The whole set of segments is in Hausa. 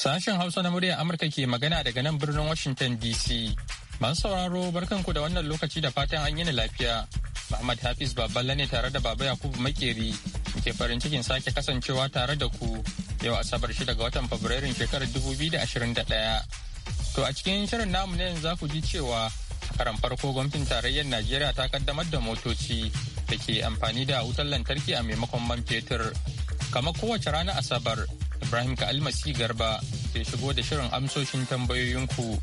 Sashen Hausa na muryar Amurka ke magana daga nan birnin Washington DC. Masu sauraro barkanku da wannan lokaci da fatan an yi lafiya. Muhammad Hafiz Baballa ne tare da Baba Yakubu Makeri ke farin cikin sake kasancewa tare da ku yau Asabar 6 ga watan Fabrairun shekarar 2021. To a cikin shirin namu ne za ku ji cewa karan farko gwamnatin tarayyar Najeriya ta kaddamar da motoci da ke amfani da wutar lantarki a maimakon man fetur. Kamar kowace rana Asabar, Ibrahim ka almasi garba ke shigo da shirin amsoshin tambayoyinku.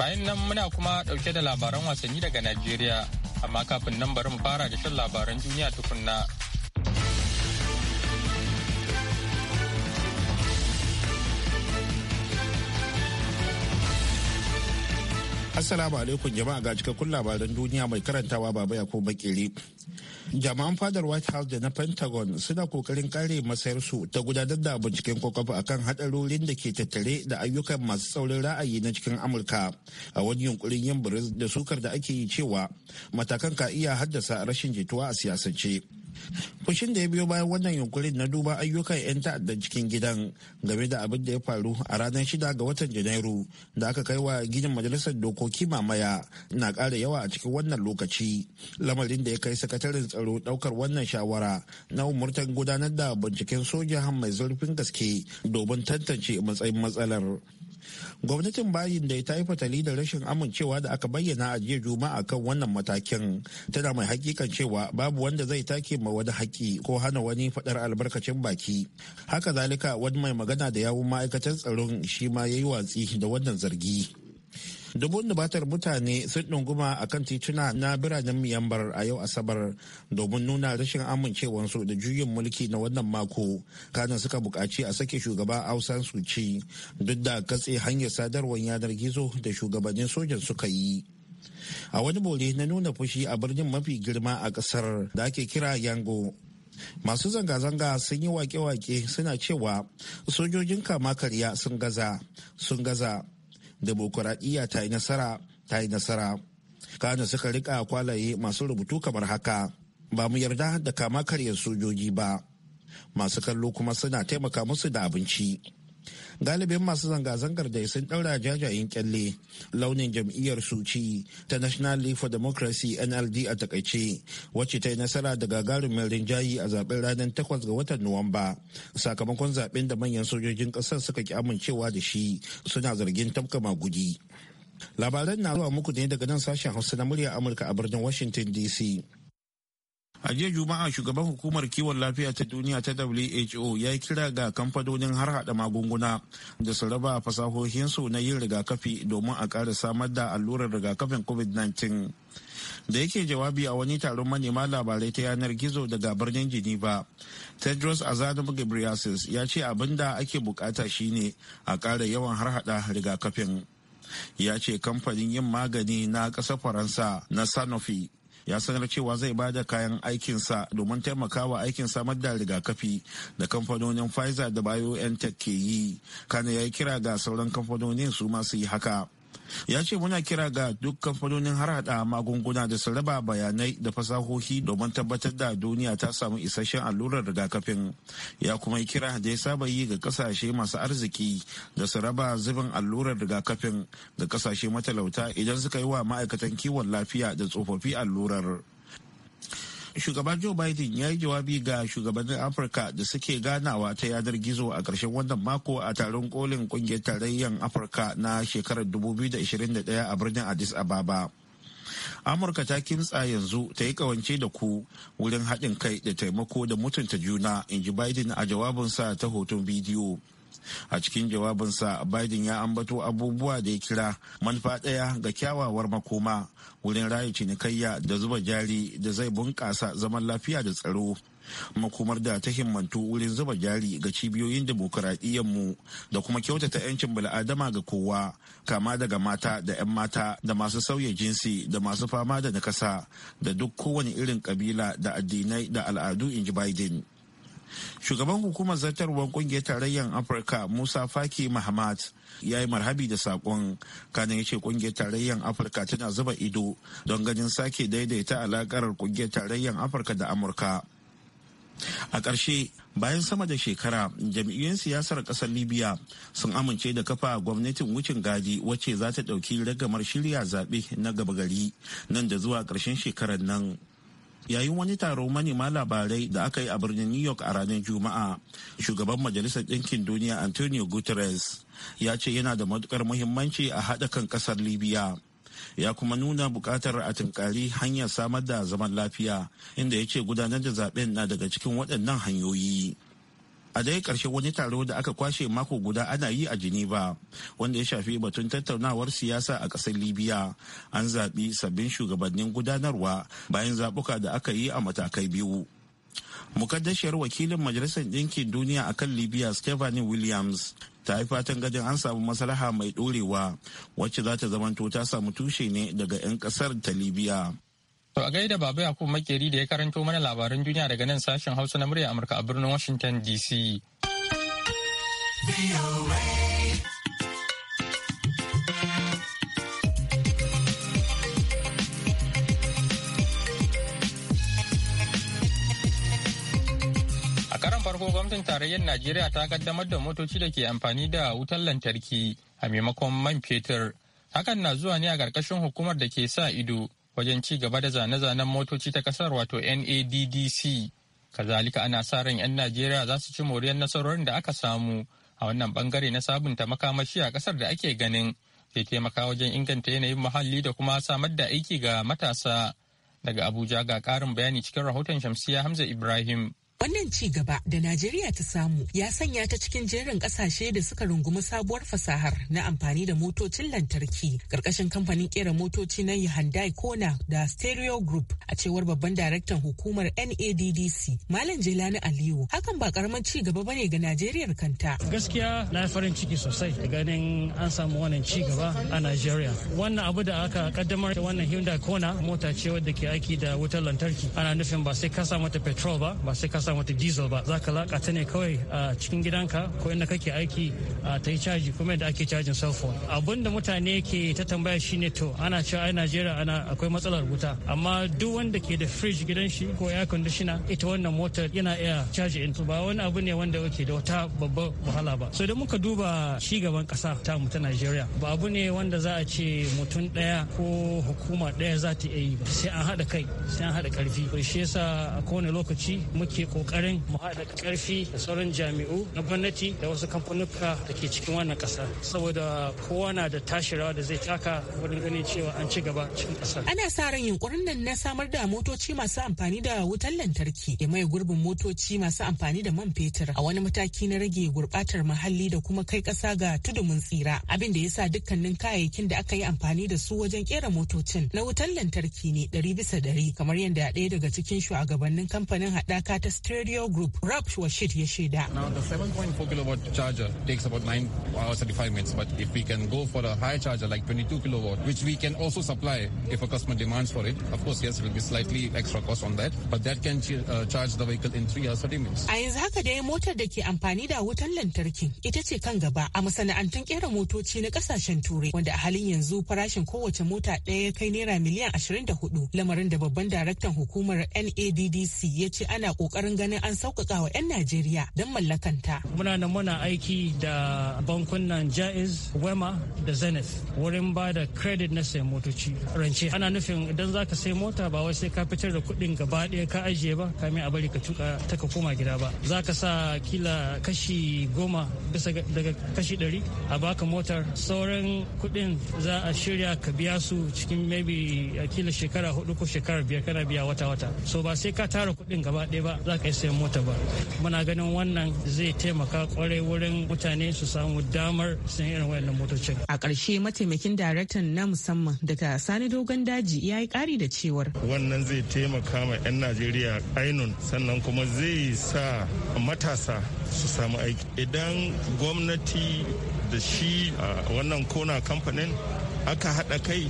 Bayan nan muna kuma ɗauke da labaran wasanni daga Najeriya, amma kafin nan bari mu fara da shan labaran duniya tukunna. Assalamu alaikum jama'a ga cikakkun labaran duniya mai karantawa baba ya ko bakiri. Jama'an fadar White House da na Pentagon suna kokarin kare masayarsu ta gudanar da binciken kwakwaf akan hadarorin da ke tattare da ayyukan masu tsaurin ra'ayi na cikin Amurka a wani yunkurin yin da sukar da ake yi cewa matakan ka iya haddasa rashin jituwa a siyasance. fushin da ya biyo bayan wannan yunkurin na duba ayyukan 'yan ta'addan cikin gidan game da abin da ya faru a ranar shida ga watan janairu da aka kai wa ginin majalisar dokoki mamaya na ƙara yawa a cikin wannan lokaci lamarin da ya kai sakataren tsaro ɗaukar wannan shawara na umurtan gudanar da binciken soja mai zurfin gaske domin tantance matsayin matsalar gwamnatin bayin da ta yi fatali da rashin amincewa da aka bayyana a jiya juma'a kan wannan matakin tana mai hakikan cewa babu wanda zai take ma wani haƙƙi ko hana wani faɗar albarkacin baki haka zalika wani mai magana da yawun ma'aikatan tsaron shi ma ya yi watsi da wannan zargi dubun dubatar mutane sun ɗunguma a kan tituna na biranen miyambar a yau asabar domin nuna rashin amincewarsu da juyin mulki na wannan mako kanan suka buƙaci a sake shugaba ausan suci duk da katse hanyar sadarwar yanar gizo da shugabannin sojan suka yi a wani bore na nuna fushi a birnin mafi girma a ƙasar da ake kira yango masu zanga-zanga sun yi wake-wake suna cewa sojojin kama karya sun gaza sun gaza demokuraɗiyya ta yi nasara ta yi nasara kana suka rika kwalaye masu rubutu kamar haka ba mu yarda da kama karyar sojoji ba masu kallo kuma suna taimaka musu da abinci galibin masu zanga-zangar da sun ɗaura jajayen kyalle launin jam'iyyar suci ta national league for democracy nld a takaice wacce ta yi nasara da gagarumin rinjayi a zaben ranar takwas ga watan nuwamba sakamakon zaben da manyan sojojin ƙasar suka ki amincewa da shi suna zargin tamka magudi labaran na zuwa muku ne daga nan sashen hausa na murya amurka a birnin washington dc A jiya Juma'a shugaban hukumar kiwon lafiya ta duniya ta WHO ya yi kira ga kamfanonin har hada magunguna da su raba fasahohinsu na yin rigakafi domin a ƙara samar da allurar rigakafin COVID-19. Da yake jawabi a wani taron manema labarai ta yanar gizo daga birnin Geneva, Tedros Adhanom Ghebreyesus ya ce abin da ake bukata shine a ƙara yawan har hada rigakafin. Ya ce kamfanin yin magani na ƙasar Faransa na Sanofi ya sanar cewa zai ba da kayan aikinsa domin taimakawa aikin samar da rigakafi da kamfanonin pfizer da biontech ke yi kana ya yi kira ga sauran kamfanonin su masu yi haka ya ce muna kira ga duk kamfanonin har hada magunguna da su bayanai da fasahohi domin tabbatar da duniya ta samu isasshen allurar rigakafin ya kuma yi kira da ya saba yi ga kasashe masu arziki da su raba zubin allurar rigakafin ga kasashe matalauta idan suka yi wa ma'aikatan kiwon lafiya da tsofaffi allurar Shugaba Joe Biden ya yi jawabi ga shugabannin Afirka da suke ganawa ta yanar gizo a ƙarshen wannan mako a taron kolin kungiyar tarayyar Afirka na shekarar 2021 a birnin Addis Ababa. Amurka ta kimtsa yanzu ta yi kawance da ku wurin haɗin kai da taimako da mutunta juna, in ji Biden a jawabinsa ta hoton bidiyo. a cikin jawabinsa biden ya ambato abubuwa da ya kira manufa ɗaya ga kyawawar makoma wurin raya cinikayya da zuba jari da zai bunƙasa zaman lafiya da tsaro makomar da ta himmantu wurin zuba jari ga cibiyoyin mu da kuma kyautata 'yancin bala'adama ga kowa kama daga mata da 'yan mata da masu sauya jinsi da masu fama da nakasa da duk kowane irin kabila da addinai da al'adu in ji biden shugaban hukumar zartarwar kungiyar tarayyar afirka musa faki mahamat ya yi marhabi da sakon kanin ya ce kungiyar tarayyar afirka tana zuba ido don ganin sake daidaita alakar kungiyar tarayyar afirka da amurka a ƙarshe bayan sama da shekara jam'iyyun siyasar ƙasar libya sun amince da kafa gwamnatin wucin gadi wacce za ta ɗauki ragamar shirya zaɓe na gaba gari nan da zuwa ƙarshen shekarar nan yayin wani taron manema labarai da aka yi a birnin new york a ranar juma'a shugaban majalisar ɗinkin duniya antonio guterres ya ce yana da matukar muhimmanci a haɗa kan ƙasar libya ya kuma nuna buƙatar a tunkari hanyar samar da zaman lafiya inda ya ce gudanar da zaben na daga cikin waɗannan hanyoyi a dai ƙarshen wani taro da aka kwashe mako guda ana yi a geneva wanda ya shafi batun tattaunawar siyasa a ƙasar libya an zaɓi sabbin shugabannin gudanarwa bayan zaɓuka da aka yi a matakai biyu mukaddashiyar wakilin majalisar ɗinkin duniya a kan libya stephanie williams ta yi fatan gajin an samu maslaha mai ɗorewa wacce za ta zamanto ta samu tushe ne daga 'yan ƙasar ta libya To a gaida Baba Yakub Makeri da ya karanto mana labaran duniya daga nan sashen Hausa na murya Amurka a birnin Washington DC. A karan farko gwamnatin tarayyar Najeriya ta kaddamar da motoci da ke amfani da wutar lantarki a maimakon man fetur. Hakan na zuwa ne a ƙarƙashin hukumar da ke sa ido wajen ci gaba da zane-zanen motoci ta kasar wato NADDC. Kazalika ana sa ran 'yan Najeriya za su ci moriyar nasarorin da aka samu a wannan bangare na sabunta makamashi a kasar da ake ganin zai taimaka wajen inganta yanayin muhalli da kuma samar da aiki ga matasa. Daga Abuja ga ƙarin bayani cikin rahoton Shamsiya Hamza Ibrahim. Wannan ci gaba da Najeriya ta samu ya sanya ta cikin jerin kasashe da suka rungumi sabuwar fasahar na amfani da motocin lantarki karkashin kamfanin kera motoci na Hyundai Kona da Stereo Group a cewar babban daraktan hukumar NADDC Malam Jelani Aliyu. Hakan ba karamin ci gaba bane ga Najeriya kanta. Gaskiya na farin ciki sosai da ganin an samu wannan ci gaba a Najeriya. Wannan abu da aka kaddamar da wannan Hyundai Kona mota ce wadda ke aiki da wutar lantarki. Ana nufin ba sai ka sa mata petrol ba, ba sai ka sa mata diesel ba za ka laka ta ne kawai a cikin gidanka ko inda kake aiki a ta yi caji kuma yadda ake cajin cell phone abin da mutane ke ta tambaya shine to ana cewa a najeriya ana akwai matsalar wuta amma duk wanda ke da fridge gidan shi ko air conditioner ita wannan motar yana iya caji in ba wani abu ne wanda yake da wata babbar wahala ba so idan muka duba shi gaban kasa ta mu ta najeriya ba abu ne wanda za a ce mutum daya ko hukuma daya za ta iya yi ba sai an haɗa kai sai an haɗa karfi shi yasa a kowane lokaci muke ko kokarin mu haɗa karfi da sauran jami'u na gwamnati da wasu kamfanuka da ke cikin wannan ƙasa saboda kowa na da tashi rawa da zai taka wurin ganin cewa an ci gaba cikin ƙasar. Ana sa ran yunkurin nan na samar da motoci masu amfani da wutar lantarki da mai gurbin motoci masu amfani da man fetur a wani mataki na rage gurɓatar muhalli da kuma kai ƙasa ga tudumin tsira abin da ya sa dukkanin kayayyakin da aka yi amfani da su wajen kera motocin na wutar lantarki ne ɗari bisa ɗari kamar yadda ɗaya daga cikin shugabannin kamfanin haɗaka ta Stereo Group Rap shit ya shaida. Now the 7.4 kilowatt charger takes about 9 hours 35 minutes but if we can go for a high charger like 22 kilowatt which we can also supply if a customer demands for it of course yes it will be slightly extra cost on that but that can uh, charge the vehicle in 3 hours 30 minutes. A yanzu haka dai motar da ke amfani da wutan lantarki ita ce kan gaba a masana'antun kera motoci na kasashen turai wanda a halin yanzu farashin kowace mota ɗaya kai naira miliyan 24 lamarin da babban daraktan hukumar NADDC ya ce ana kokarin wurin ganin an sauƙaƙa wa 'yan Najeriya don mallakanta. Muna nan muna aiki da bankunan Jaiz, Wema da Zenith wurin ba da credit na sayan motoci rance. Ana nufin idan za ka sai mota ba wai sai ka fitar da kuɗin gaba ɗaya ka ajiye ba kamin a bari ka tuka ta ka koma gida ba. Za ka sa kila kashi goma bisa daga kashi ɗari a baka motar sauran kuɗin za a shirya ka biya su cikin maybe kila shekara hudu ko shekara biyar kana biya wata-wata. So ba sai ka tara kuɗin gaba ɗaya ba za kai sai mota ba muna ganin wannan zai taimaka kwarai wurin mutane su samu damar sayan irin wayannan motocin a ƙarshe mataimakin daraktan na musamman daga sani dogon daji ya yi ƙari da cewar wannan zai taimaka ma 'yan najeriya ainun sannan kuma zai sa matasa su samu aiki idan gwamnati da shi wannan kona kamfanin aka haɗa kai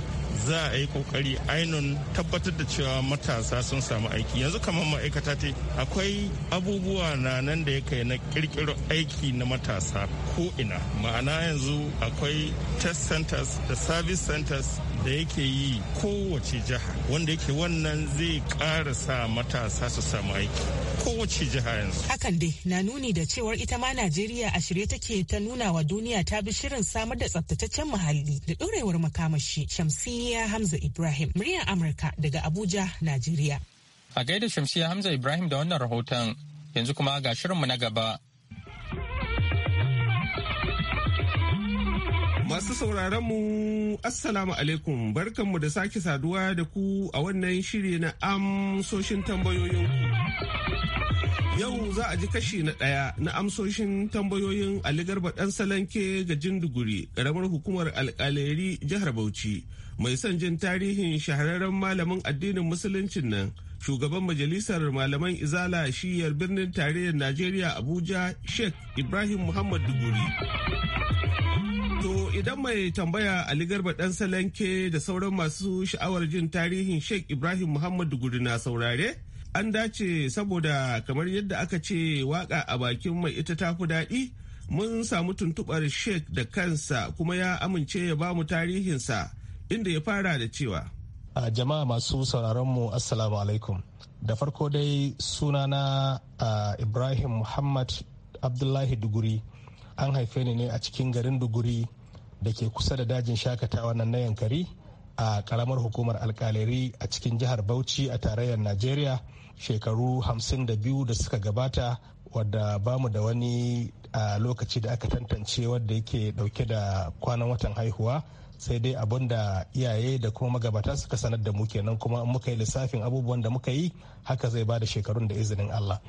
za a yi kokari ainun tabbatar da cewa matasa sun samu aiki yanzu kamar ma'aikata ce akwai abubuwa na nan da ya kai na kirkiro aiki na matasa ko ina ma'ana yanzu akwai test centers da service centers da yake yi kowace jiha wanda yake wannan zai ƙara sa matasa su samu aiki kowace jiha yanzu. Hakan dai na nuni da cewar ita ma Najeriya a shirye take ta nuna wa duniya ta bi shirin samar da tsaftataccen muhalli da ɗorewar makamashi Shamsiyya Hamza Ibrahim muryar Amurka daga Abuja, Najeriya. A gaida Shamsiyya Hamza Ibrahim da wannan rahoton yanzu kuma ga shirinmu na gaba. Masu sauraron mu Assalamu alaikum barkanmu da sake saduwa da ku a wannan shiri na amsoshin tambayoyin Yau za a ji kashi na ɗaya na amsoshin tambayoyin Aligarba ɗan salanke ga jinduguri ƙaramar hukumar alƙaleri jihar Bauchi mai son jin tarihin shahararren malamin addinin musuluncin nan shugaban majalisar malaman izala shiyar birnin tarayyar Najeriya Abuja Sheikh Ibrahim Muhammad Duguri. To idan mai tambaya Ali Garba dan Salanke da sauran masu sha'awar jin tarihin Sheikh Ibrahim Muhammadu Guri na saurare, an dace saboda kamar yadda aka ce waka a bakin mai ita ta fi daɗi, mun samu tuntuɓar Sheikh da kansa kuma ya amince ya bamu tarihinsa inda ya fara da cewa. A jama'a masu sauraronmu Assalamu alaikum. Da farko dai sunana Ibrahim Muhammad Abdullahi Duguri. an haife ni ne a cikin garin duguri da ke kusa da dajin shakatawa nan na yankari a karamar hukumar alkaleri a cikin jihar bauchi a tarayyar najeriya shekaru 52 da suka gabata wadda bamu da wani a lokaci da aka tantance wadda yake dauke da kwanan watan haihuwa sai dai abun da iyaye da kuma magabata suka sanar da mu kenan kuma muka yi lissafin abubuwan da muka yi haka zai ba da shekarun da izinin allah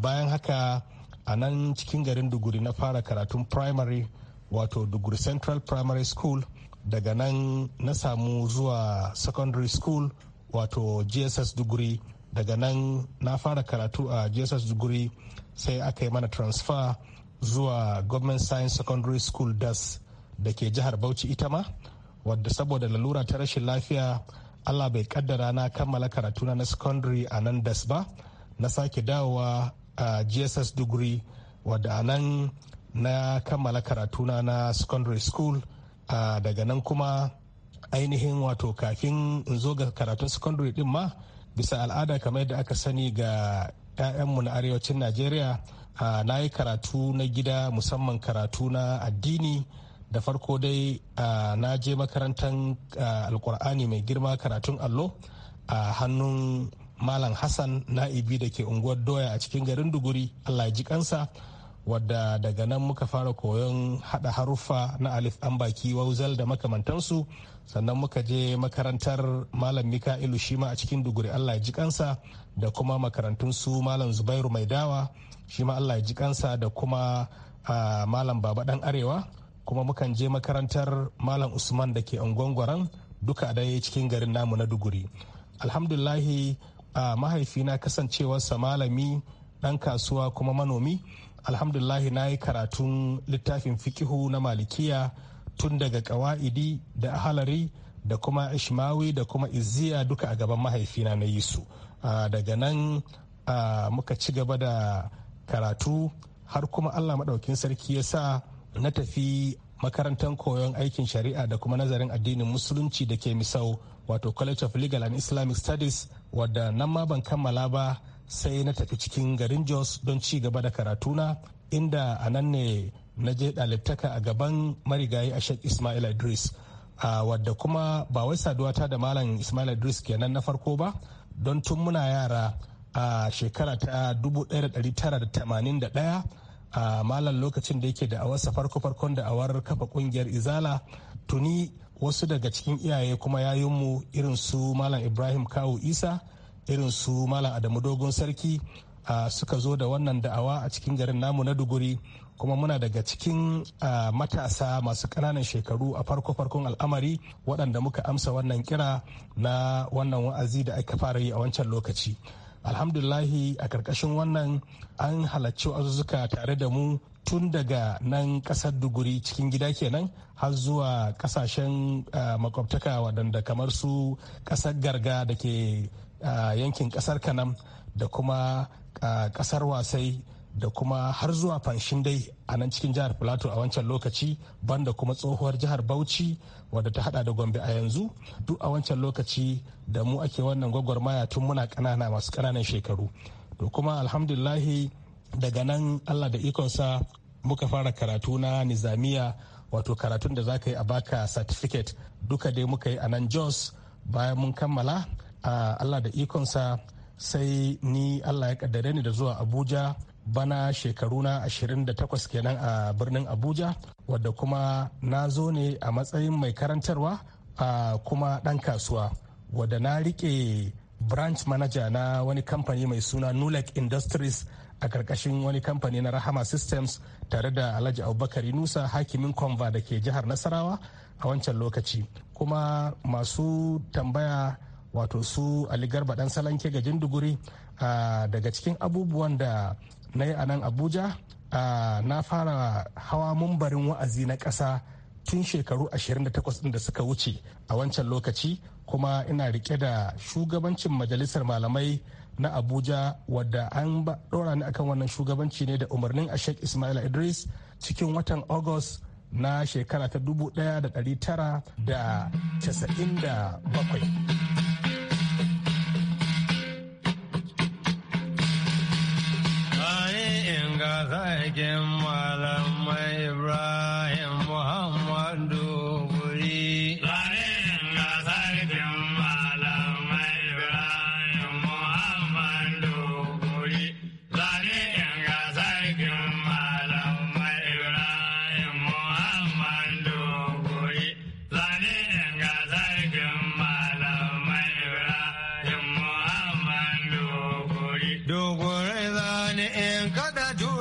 bayan haka a nan cikin garin duguri na fara karatun primary wato duguri central primary school daga nan na samu zuwa secondary school wato gss duguri daga nan na fara karatu a gss duguri sai aka yi mana transfer zuwa government science secondary school das da ke jihar bauchi ita ma wadda saboda lalura ta rashin lafiya allah bai kaddara na kammala karatuna na secondary a nan das ba na sake dawowa a gss degree wadda anan na kammala karatuna na secondary school a daga nan kuma ainihin wato kafin in zo ga karatun secondary din ma bisa al'ada kamar yadda aka sani ga 'ya'yanmu na arewacin najeriya na yi karatu na gida musamman karatu na addini da farko dai na je makarantar alkur'ani mai girma karatun allo a hannun malam hassan na'ibi da ke unguwar doya a cikin garin duguri allah ji kansa wadda daga nan muka fara koyon hada haruffa na alif an baki wauzal da makamantansu sannan muka je makarantar malam mika'ilu shima a cikin duguri allah ji kansa da kuma makarantun su malam zubairu mai dawa shima allah ji kansa da kuma malam baba dan arewa kuma mukan je makarantar malam usman da ke unguwar duka dai cikin garin namu na duguri alhamdulahi a mahaifina kasancewarsa malami ɗan kasuwa kuma manomi alhamdulahi na yi karatun littafin fikihu na malikiya tun daga kawa'idi da halari da kuma ishmawi da kuma izziya duka a gaban mahaifina na yi su daga nan muka ci gaba da karatu har kuma allah maɗaukin sarki ya sa na tafi makarantar koyon aikin shari'a da kuma nazarin addinin musulunci da ke misau wato college of legal and islamic studies wadda nan ma ban kammala ba sai na tafi cikin garin jos don ci gaba da karatuna inda a nan ne na je ɗalibtaka a gaban marigayi a shek ismail idris a wadda kuma ba wai saduwata da malam ismail idris kenan na farko ba don tun muna yara a shekara ta 1981 a malam lokacin da yake da awarsa farko-farkon da awar kafa kungiyar izala tuni wasu daga cikin iyaye kuma yayinmu irin su malam ibrahim kawu isa irin su malam adamu dogon sarki suka zo da wannan da'awa a cikin garin namu na duguri kuma muna daga cikin matasa masu ƙananan shekaru a farko-farkon al'amari waɗanda muka amsa wannan kira na wannan wa'azi da aka fara yi a wancan lokaci alhamdulahi a ƙarƙashin wannan an halarci azuzzuka tare da mu tun daga nan kasar duguri cikin gida kenan har zuwa kasashen eh, makwabtaka waɗanda kamar su kasar garga da ke eh, yankin kasar kanam da kuma eh, kasar wasai da kuma har zuwa fanshin dai a nan cikin jihar plateau a wancan lokaci banda kuma tsohuwar jihar bauchi wadda ta hada da gombe a yanzu duk a wancan lokaci da mu ake wannan gwagwarmaya tun muna ƙanana masu ƙananan shekaru to kuma alhamdulillahi daga nan allah da ikonsa muka fara karatu na nizamiya wato karatun da za ka yi a baka certificate duka dai muka yi a nan jos bayan mun kammala a allah da ikonsa sai ni allah ya kaddare ni da zuwa abuja bana shekaru shekaruna 28 kenan a birnin abuja wadda kuma na zo ne a matsayin mai karantarwa a kuma ɗan kasuwa wadda na rike branch manager na wani kamfani mai suna nulek industries a karkashin wani kamfani na rahama systems tare da alhaji abubakar nusa hakimin kwamva da ke jihar nasarawa a wancan lokaci kuma masu tambaya wato su ali garba dan salanke ga jinduguri daga cikin abubuwan da na yi a nan abuja na fara hawa mumbarin wa'azi na ƙasa tun shekaru 28 ɗin da suka wuce a wancan lokaci kuma ina rike da shugabancin majalisar malamai na abuja wadda an ɗora ni akan wannan shugabanci ne da umarnin a sheikh ismail idris cikin watan august na shekara ta dubu da da tara casa'in 1997 again. batalla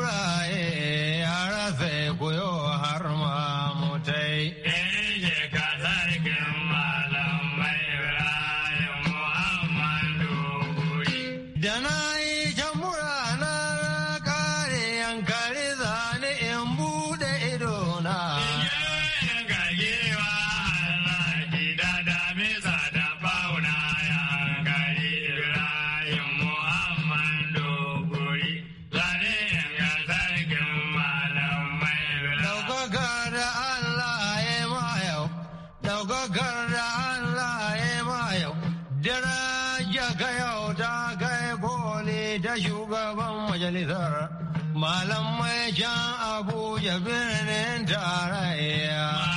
Nijar, malam mai jan abu ya birnin tarayya.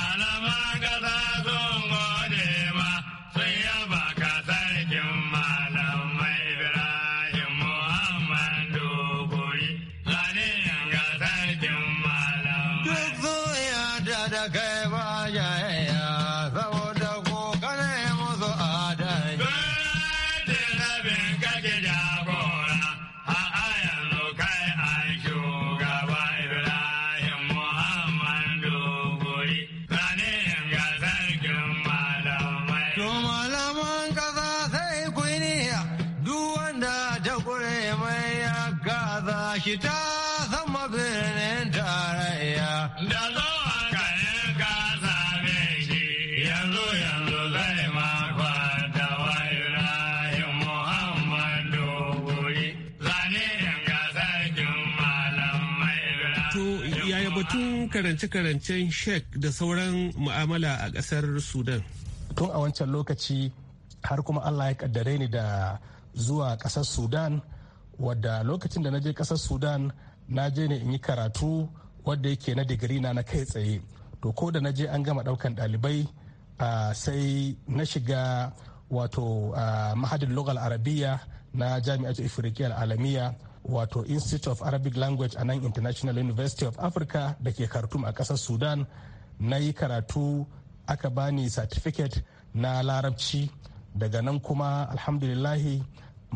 karance-karancen shek da sauran mu'amala a ƙasar sudan tun a wancan lokaci har kuma allah ya kaddare ni da zuwa ƙasar sudan wadda lokacin da na je kasar sudan na je ne in yi karatu wadda yake na digiri na na kai tsaye to ko da na je an gama ɗaukan ɗalibai sai na shiga wato mahadin lokal arabiya na jami'ar ifirikiyar alamiya wato institute of arabic language a nan international university of africa da ke khartoum a kasar sudan na yi karatu aka bani certificate na larabci daga nan kuma alhamdulillahi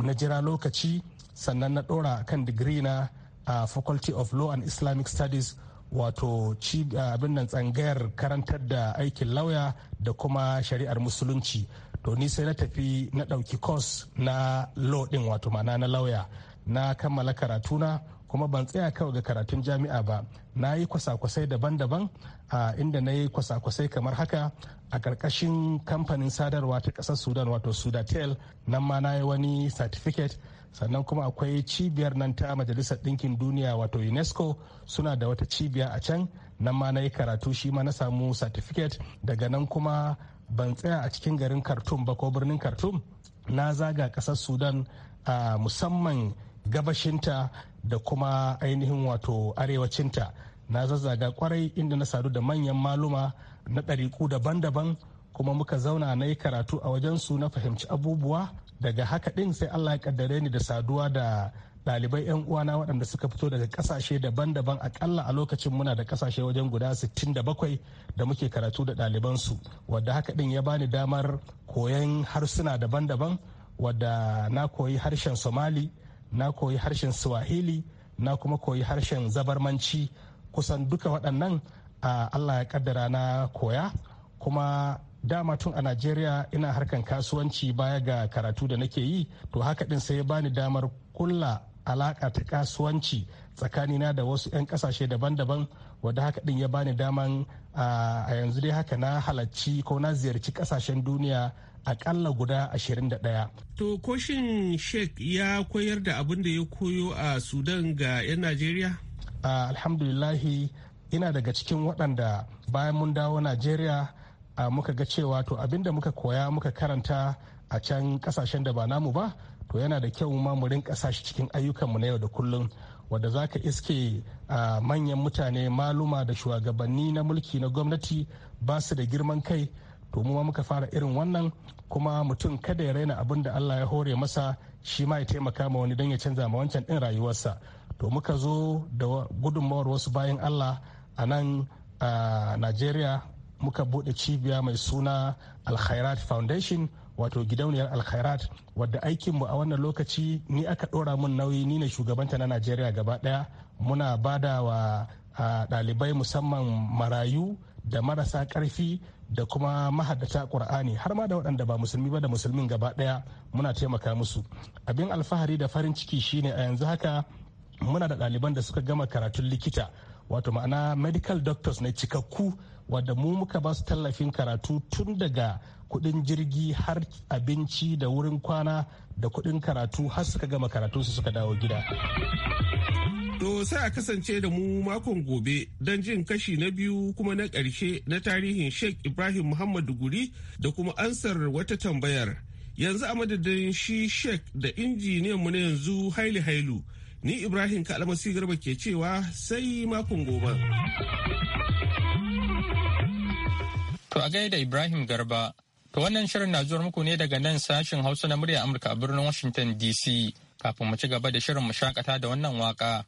na jira lokaci sannan na dora kan digiri na a faculty of law and islamic studies wato abin nan tsangayar karantar da aikin lauya da kuma shari'ar musulunci to ni sai na tafi na ɗauki course na law ɗin wato ma'ana na lauya na kammala karatuna kuma ban tsaya kawai ga karatun jami'a ba na yi kwasa-kwasai daban-daban a inda na yi kwasa-kwasai kamar haka a ƙarƙashin kamfanin sadarwa ta ƙasar sudan wato sudatel nan ma na yi wani certificate sannan kuma akwai cibiyar nan ta majalisar ɗinkin duniya wato unesco suna da wata cibiya a can nan ma na yi karatu shi ma na samu certificate daga nan kuma ban tsaya a cikin garin khartoum ba ko birnin khartoum na zaga ƙasar sudan a musamman gabashinta da kuma ainihin wato arewacinta na zazzaga kwarai inda na sadu da manyan maluma na ɗariƙu daban-daban kuma muka zauna na yi karatu a wajen su na fahimci abubuwa daga haka ɗin sai allah ya kaddare ni da saduwa da ɗalibai 'yan uwana waɗanda suka fito daga ƙasashe daban-daban aƙalla a lokacin muna da ƙasashe wajen guda 67 da muke karatu da ɗalibansu wadda haka ɗin ya bani damar koyon harsuna daban-daban wadda na koyi harshen somali na koyi harshen swahili na kuma koyi harshen zabarmanci kusan duka waɗannan a allah ya kaddara na koya kuma dama tun a najeriya ina harkan kasuwanci baya ga karatu da nake yi to haka din sai ya bani damar kulla alaka ta kasuwanci tsakanina da wasu 'yan kasashe daban-daban wadda haka din ya bani daman a yanzu dai haka na halarci ko na ziyarci kasashen duniya akalla guda 21. To koshin shek ya koyar da abin da ya koyo a Sudan ga 'yan Najeriya? Alhamdulillahi ina daga cikin waɗanda bayan mun dawo Najeriya muka ga cewa to abin da muka koya muka karanta a can kasashen da ba namu ba to yana da kyau ma mu rinka sa shi cikin ayyukanmu na yau da kullum wadda za ka iske manyan mutane maluma da shugabanni na mulki na gwamnati ba su da girman kai to mu ma muka fara irin wannan kuma mutum kada ya raina abin da Allah ya hore masa shi ma ya taimaka ma wani don ya canza ma wancan din rayuwarsa to muka zo da gudunmawar wasu bayan Allah a nan a Najeriya muka bude cibiya mai suna Al-Khairat Foundation wato gidauniyar alkhairat wadda aikinmu a wannan lokaci ni aka ɗora mun nauyi ni ne shugabanta na najeriya gaba daya muna bada wa dalibai musamman marayu da marasa karfi da kuma mahaddata qur'ani har ma da waɗanda ba musulmi ba da musulmin gaba daya muna taimaka musu abin alfahari da farin ciki shine a yanzu haka muna da ɗaliban da suka gama karatun likita wato ma'ana medical doctors ne cikakku wadda mu muka ba su tallafin karatu tun daga kuɗin jirgi har abinci da wurin kwana da kuɗin karatu har suka gama karatu su suka dawo gida. To sai a kasance da mu makon gobe don jin kashi na biyu kuma na ƙarshe na tarihin Sheikh Ibrahim Muhammadu Guri da kuma ansar wata tambayar. Yanzu a madadin shi Sheikh da injiniyan mu na yanzu Haili Hailu. Ni Ibrahim Kalmasi Garba ke cewa sai makon gobe. To a gaida Ibrahim Garba To wannan shirin na zuwa muku ne daga nan sashen Hausa na murya Amurka a birnin Washington DC kafin mu ci gaba da shirin mu shakata da wannan waka.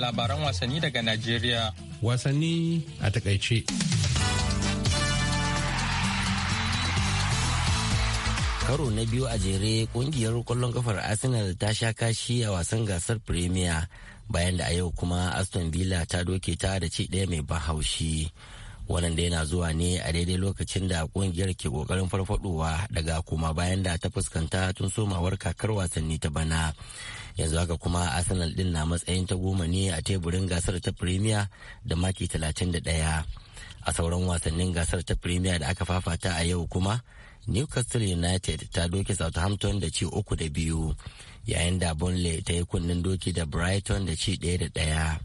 labaran wasanni daga Najeriya. Wasanni a takaice. Karo na biyu a jere kungiyar kwallon kafar Arsenal ta sha kashi a wasan gasar Premier bayan da a yau kuma Aston Villa ta doke ta da ci ɗaya mai bahaushi. wannan yana zuwa ne a daidai lokacin da kungiyar ke kokarin farfaɗowa, daga kuma bayan da ta fuskanta tun somawar kakar wasanni ta bana yanzu haka kuma arsenal din na matsayin ta goma ne a teburin gasar ta premier da maki 31 a sauran wasannin gasar ta premier da aka fafata a yau kuma newcastle united ta doke southampton da ci uku da biyu yayin da burnley ta yi kunnen doki da brighton da ci daya da ɗaya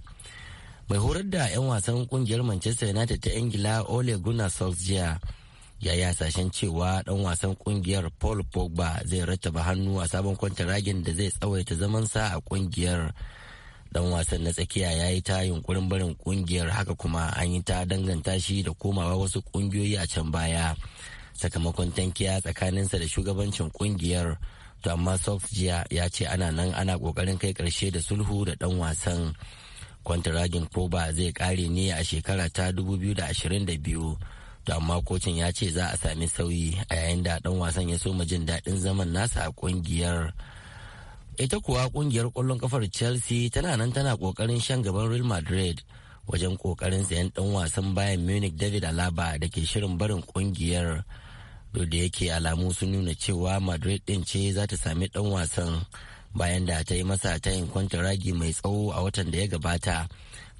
mai horar da 'yan wasan kungiyar manchester united ta ingila ole gunnar solskjaer ya yi hasashen cewa dan wasan kungiyar paul pogba zai rattaba hannu a sabon kwantaragin da zai tsawaita zamansa a kungiyar dan wasan na tsakiya ya yi ta yunkurin barin kungiyar haka kuma an yi ta danganta shi da komawa wasu kungiyoyi a can baya sakamakon tankiya tsakaninsa da shugabancin kungiyar to amma soft ya ce ana nan ana kokarin kai karshe da sulhu da dan wasan kwantiragin koba zai kare ne a shekara ta 2022 to amma kocin ya ce za a sami sauyi a yayin da dan wasan ya so soma jin daɗin zaman nasa a kungiyar ita kuwa kungiyar kwallon kafar chelsea tana nan tana kokarin shan gaban real madrid wajen kokarin sayan dan wasan bayan munich david alaba da ke shirin barin kungiyar duk da yake alamu sun nuna cewa madrid din ce za ta sami dan wasan bayan da ta yi masa tayin ragi mai tsawo a watan da ya gabata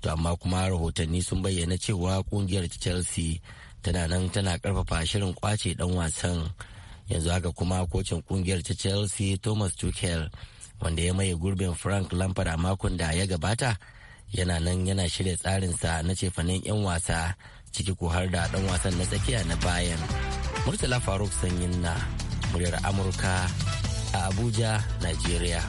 to amma kuma rahotanni sun bayyana cewa kungiyar chelsea tana nan tana karfafa shirin kwace dan wasan yanzu haka kuma kocin kungiyar ta chelsea thomas tuchel wanda ya maye gurbin frank lampard a makon da ya gabata yana nan yana shirya tsarinsa na cefanen 'yan wasa ciki ko har da dan wasan na tsakiya na bayan murtala faruk sanyin na muryar amurka a Abuja, nigeria.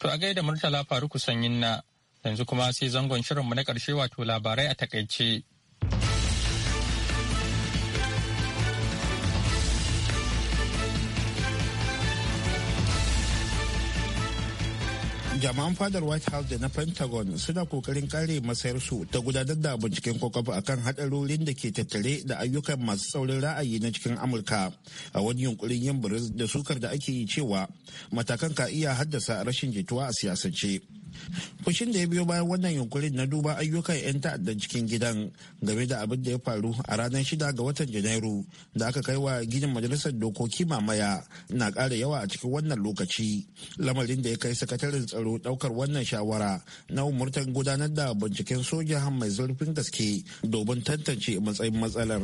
To a gaida Murtala Faruku Sanyin na yanzu kuma sai zangon shirinmu na ƙarshe wato labarai a takaice. jami'an fadar white house da na pentagon suna kokarin kare masayarsu ta gudanar da binciken kwakwafa akan hadarorin da ke tattare da ayyukan masu tsaurin ra'ayi na cikin amurka a wani yunkurin yin biris da sukar da ake yi cewa matakan ka iya haddasa rashin jituwa a siyasance fushin da ya biyo bayan wannan yunkurin na duba ayyukan 'yan ta'addan cikin gidan game da abin da ya faru a ranar shida ga watan Janairu da aka kai wa ginin majalisar dokoki mamaya na ƙara yawa a cikin wannan lokaci. Lamarin da ya kai sakataren tsaro ɗaukar wannan shawara na umurtan gudanar da binciken soja mai zurfin gaske domin tantance matsayin matsalar.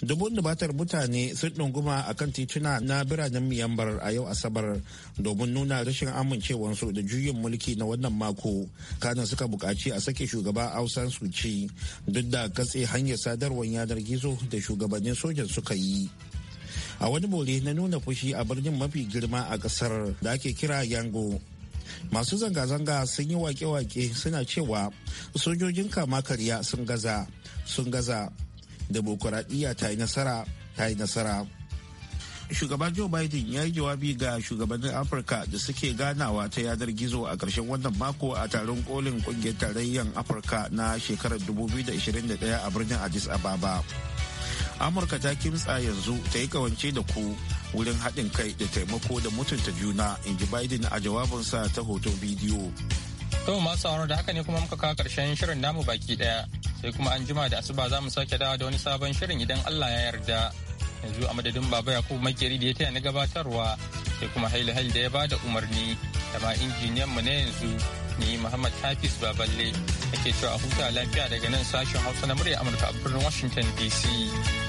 dubun dubatar mutane sun ɗunguma a kan tituna na biranen miyambar a yau asabar domin nuna rashin amincewarsu da juyin mulki na wannan mako kanan suka bukaci a sake shugaba ausan ci duk da katse hanyar sadarwar yanar gizo da shugabannin sojan suka yi a wani bore na nuna fushi a birnin mafi girma a kasar da ake kira yango masu zanga-zanga sun yi wake-wake suna cewa sojojin kama karya sun gaza sun gaza demokuraɗiyya ta yi nasara ta yi nasara shugaba joe biden ya yi jawabi ga shugabannin afirka da suke ganawa ta yanar gizo a ƙarshen wannan mako a taron kolin ƙungiyar tarayyar afirka na shekarar 2021 a birnin addis ababa amurka ta kimtsa yanzu ta yi kawance da ku wurin haɗin kai da taimako da mutunta juna in ji biden a jawabinsa ta hoton bidiyo To masu sauraro da haka ne kuma muka kawo karshen shirin namu baki daya sai kuma an jima da asuba za mu sake dawa da wani sabon shirin idan Allah ya yarda. Yanzu a madadin Baba Yakubu Makeri da ya taya na gabatarwa sai kuma haili-hail da ya bada umarni da ma injiniyan mu na yanzu ni Muhammad Hafiz Baballe ake cewa a huta lafiya daga nan sashen Hausa na murya Amurka a birnin Washington DC.